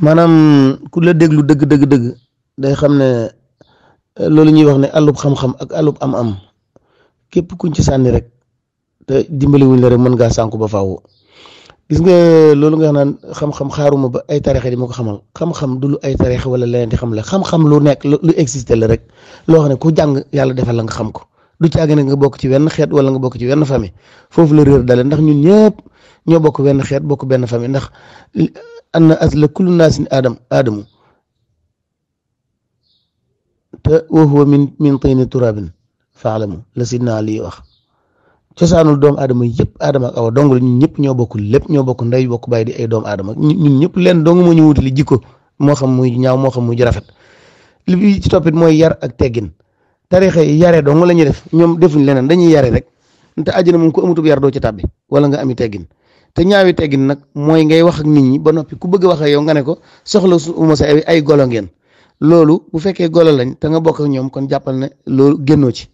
maanaam ku la déglu dëgg dëgg dëgg day xam ne eh, loolu ñuy wax ne àllub xam-xam ak àllub am-am képp kuñ ci sànni rek te dimbali wuñ la rek mën ngaa sànku ba faaw gis nga loolu nga naan xam-xam xaaruma ba ay tarixe di moo ko xamal xam-xam du lu ay tarixe wala leneen di xam la xam-xam lu nekk lu existé rek loo xam ne ku jàng yàlla defal la nga xam ko du caagi ne nga bokk ci wenn xeet wala nga bokk ci wenn famille foofu la réer dale ndax ñun ñëpp ñoo bokk wenn xeet bokk benn famille ndax anna asla kullu naasin aadam aadamu te wa huwa min min tayni turabin faalamu la sidna Ali wax cosaanul doomu aadama yëpp aadama ak awa dong la ñun ñëpp ñoo bokk lépp ñoo bokk ndey bokk bàyyi di ay doomu aadama ñun ñëpp leen dong moo ñu wutali jikko moo xam muy ñaaw moo xam muy rafet li bi ci toppit mooy yar ak teggin tarixa yare dong la ñuy def ñoom defuñ leneen dañuy yare rek te àjjana moom ko amutub yar doo ci tàbbi wala nga ami tegin te ñaawi teggin nag mooy ngay wax nit ñi ba noppi ku bëgg wax ak yow nga ne ko soxla su uma sa ay golo ngeen loolu bu fekkee golo lañ te nga bokk ñoom kon jàppal ne loolu génnoo ci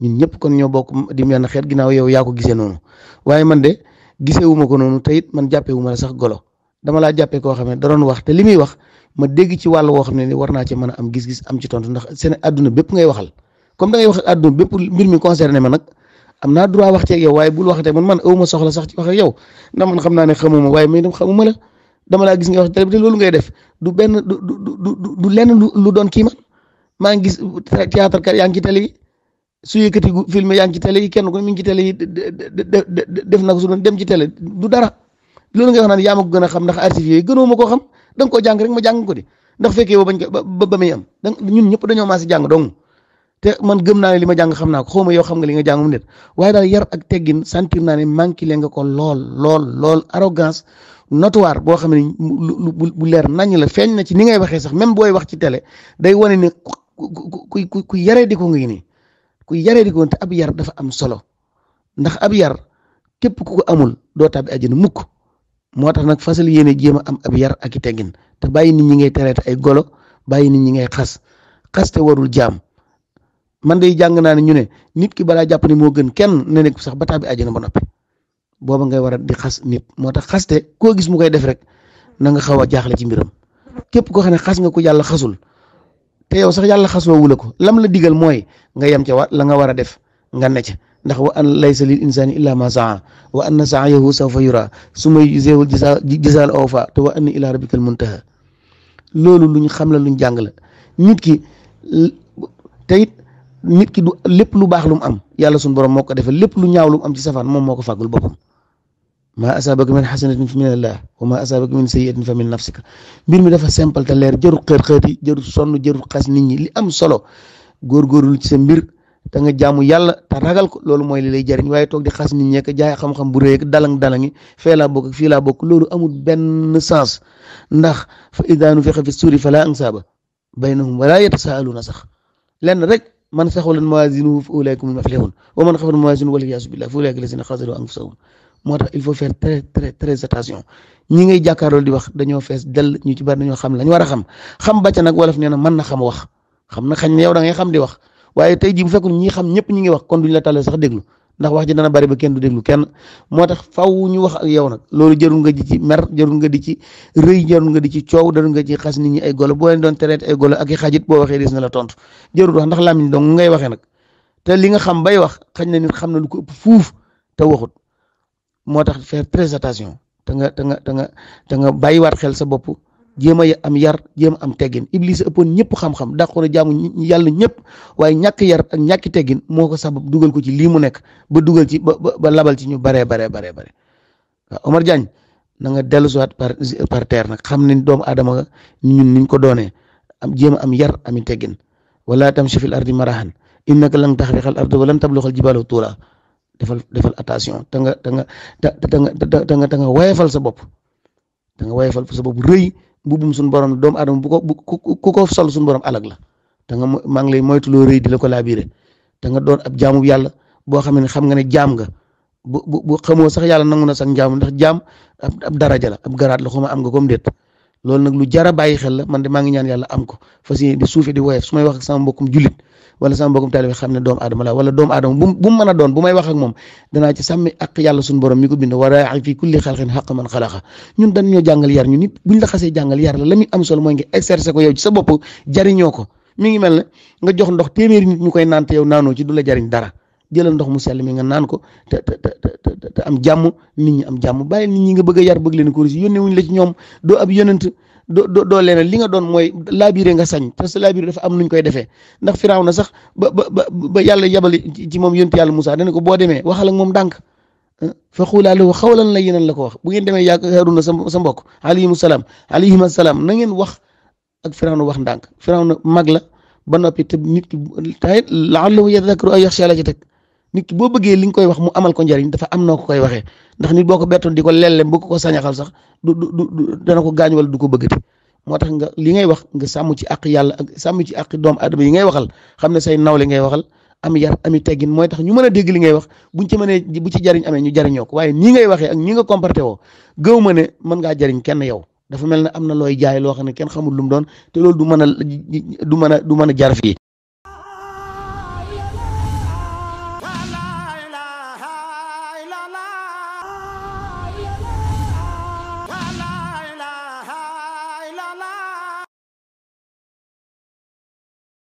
ñun ñëpp kon ñoo bokk di mel ne xeet ginnaaw yow yaa ko gisee noonu waaye man de gisee wu ma ko noonu te it man jàppee wu la sax golo dama laa jàppee koo xam ne da doon wax te li muy wax ma dégg ci wàll woo xam ne ni war naa ci mën a am gis-gis am ci tontu ndax seen àdduna bépp ngay waxal comme da wax ak àdduna bépp mbir mi concerné ma nag am na droit wax ci ak waaye bul waxatee man man awma soxla sax ci wax ndax man xam naa xamuma waaye mais xamuma la dama laa gis nga wax te loolu ngay def du benn du du du lenn lu doon kii ma maa ngi gis théâtre kat yaa ngi ci télé yi su yëkkati film yaa ngi ci télé yi kenn ko mi ngi ci télé yi def na ko su doon dem ci télé du dara loolu ngay wax naan yaa ma ko gën a xam ndax archives yooyu gënoo ma ko xam da ko koo jàng rek ma jàng ko di ndax fekkee ba bañ ko ba ba muy am ñun ñëpp dañoo maasi jàng dong te man gëm naa ne li ma jàng xam naa ko yoo xam nga li nga jàngum nit waaye daal yar ak teggin sentir naa ne manqué leen nga ko lool lool lool arrogance notoire boo xam ne bu leer nañ la feeñ na ci ni ngay waxee sax même booy wax ci télé day wane ne ku ku ku yaree di ko ngi nii ku yaree di ko te ab yar dafa am solo ndax ab yar képp ku ko amul doo tàbbi àjjana mukk moo tax nag fasal yéene jéem am ab yar ak teggin te bàyyi ni ñi ngay tereet ay golo bàyyi nit ñi ngay xas xas warul jaam. man day jàng naa ne ñu ne nit ki balaa jàpp moo gën kenn ne nekk bataa bi tàbbi na ba noppi booba ngay war a di xas nit moo tax xaste koo gis mu koy def rek nanga xaw a jaaxle ci mbiram képp koo xam ne xas nga ko yàlla xasul te yow sax yàlla xasloo wula ko lam la diggal mooy nga yem ca wa la nga war a def nga ne ca ndax wa an lay lil insani illa ma saa wa anna saayahu sawfa yura summa yujzahul jizaal awfa te wa anna ila rabbikal muntaha loolu luñ xam la luñ jàng la nit ki nit ki du lepp lu bax lu am yalla sun borom moko defal lu ñaaw lu am ci safan mom moko fagul bopam ma maa min hasanatin min allah wa ma asaabaka min sayyiatin fa min nafsika mbir mi dafa simple ta leer jeru xer xeti jeru sonu jeru xass nit ñi li am solo gur ci sa mbir ta nga jaamu yalla ta ragal ko lolu moy li lay jëriñ waye tok di xass nit ñi ka jaay xam-xam bu reek dalang dalangi fe la bok fi la bok lolu amul ben sens ndax fa idanu fi fi suri fala ansaba bainahum wala yatasaluna sax len rek من saxulat mawazinuhu fa ulaika humul muflihun wa man xaffat mawazinuhu wal iyaazu billah fa ulaika lazina xasiru anfusahum moo tax il faut faire très très très attention ñi ngay jàkkaarloo di wax dañoo fees dell ñu ci bari dañoo xam lañ war a xam xam bàcc nag wolof nee na mën na xam wax xam na xañ ne yow da ngay xam di wax waaye tey jii bu fekkoon ñi xam ñëpp ñi ngi wax kon duñ la tàllal sax déglu ndax wax ji dana bari ba kenn du déglu kenn moo tax faw ñu wax ak yow nag loolu jarul nga di ci mer jarul nga di ci rëy jarul nga di ci coow jarul nga ci xas ni ñi ay golo boo leen doon traité ay golo ak i xajit boo waxee des na la tontu jarul wax ndax làmmiñ dong ngay waxee nag te li nga xam bay wax xañ na nit xam na lu ko ëpp te waxut moo tax faire présentation te nga te nga te nga te nga bay bàyyiwaat xel sa bopp Jema am yar jema am teggin iblis ëppoon ñëpp xam-xam na jaamu yalla ñëpp waye ñak yar ak ñak teggin moko sabab duggal ko ci li mu nek ba duggal ci ba labal ci ñu bare bare bare bare Omar Diagne na nga delu siwaat par par terre nak xam ni doom adama ñun niñ ko doone am jema am yar am teggin wala tam shifil ardi marahan innaka lan taxriqal ardi wa lan tablughal jibala tuula defal defal attention ta nga ta nga ta nga ta nga te nga sa bop da nga wayfal sa bop reuy mbubbum suñu borom doomu aadama bu ko ku ko sol suñu borom alag la te nga maa ngi lay moytuloo rëy di la ko laabiré te nga doon ab jaamu yàlla boo xam ne xam nga ne jaam nga bu bu bu xamoo sax yàlla nangu na sax jaamu ndax jaam ab daraja la ab garaat la xuma am nga comme déet loolu nag lu jara a bàyyi xel la man de maa ngi ñaan yàlla am ko fas yéene di suufe di woyef su may wax ak sama mbokkum jullit wala sama mbokkum taalibe xam ne doomu aadama la wala doomu aadama bu bu mu mën a doon bu may wax ak moom ci sàmmi ak yàlla suñu borom mi ko bind wa raa'i fii kulli xalqin haqqa man xalaqa ñun dañ ñoo jàngal yar ñun it buñ la xasee yar la la muy am solo mooy nga exercer ko yow ci sa jariñoo ko mi ngi mel ne nga jox ndox téeméeri nit ñu koy naan te yow naanoo ci du la jariñ dara jëlal ndox mu sell mi nga naan ko te te te am jàmm nit ñi am jàmm bàyyi nit ñi nga bëgg a bëgg leen ko yónnee wuñ la ci ñoom doo ab yonent do doo leneen li nga doon mooy laabiré nga sañ te sa laabiré dafa am nuñ koy defee ndax firaaw na sax ba ba ba yàlla yabal ci moom yonti yàlla Moussa dana ko boo demee waxal ak moom dànk ah, fa xuulaa la xawlan layyinan la ko wax bu ngeen demee yaa Haaruna sa sa mbokk alayhimu salaam alayhima salaam na ngeen wax ak firaaw na wax ndànk firaaw na mag la ba noppi te nit ki taay laallahu yadakkaru aw yaxsha la ci teg nit ki boo bëggee li nga koy wax mu amal ko njariñ dafa am noo ko koy waxee ndax nit boo ko bettoon di ko lellem boo ko ko sañaxal sax du du du dana ko gaañ wala du ko bëggati moo tax nga li ngay wax nga sàmm ci àq yàlla ak sàmm ci àq doomu aadama yi ngay waxal xam ne say nawle ngay waxal am yar ami teggin mooy tax ñu mën a dégg li ngay wax buñ ci mënee bu ci jariñ amee ñu jariñoo ko waaye nii ngay waxee ak ñi nga comporté woo gëw ma ne mën ngaa jariñ kenn yow dafa mel ne am na looy jaay loo xam ne kenn xamul lu mu doon te loolu du mën du mën a du mën a jar fii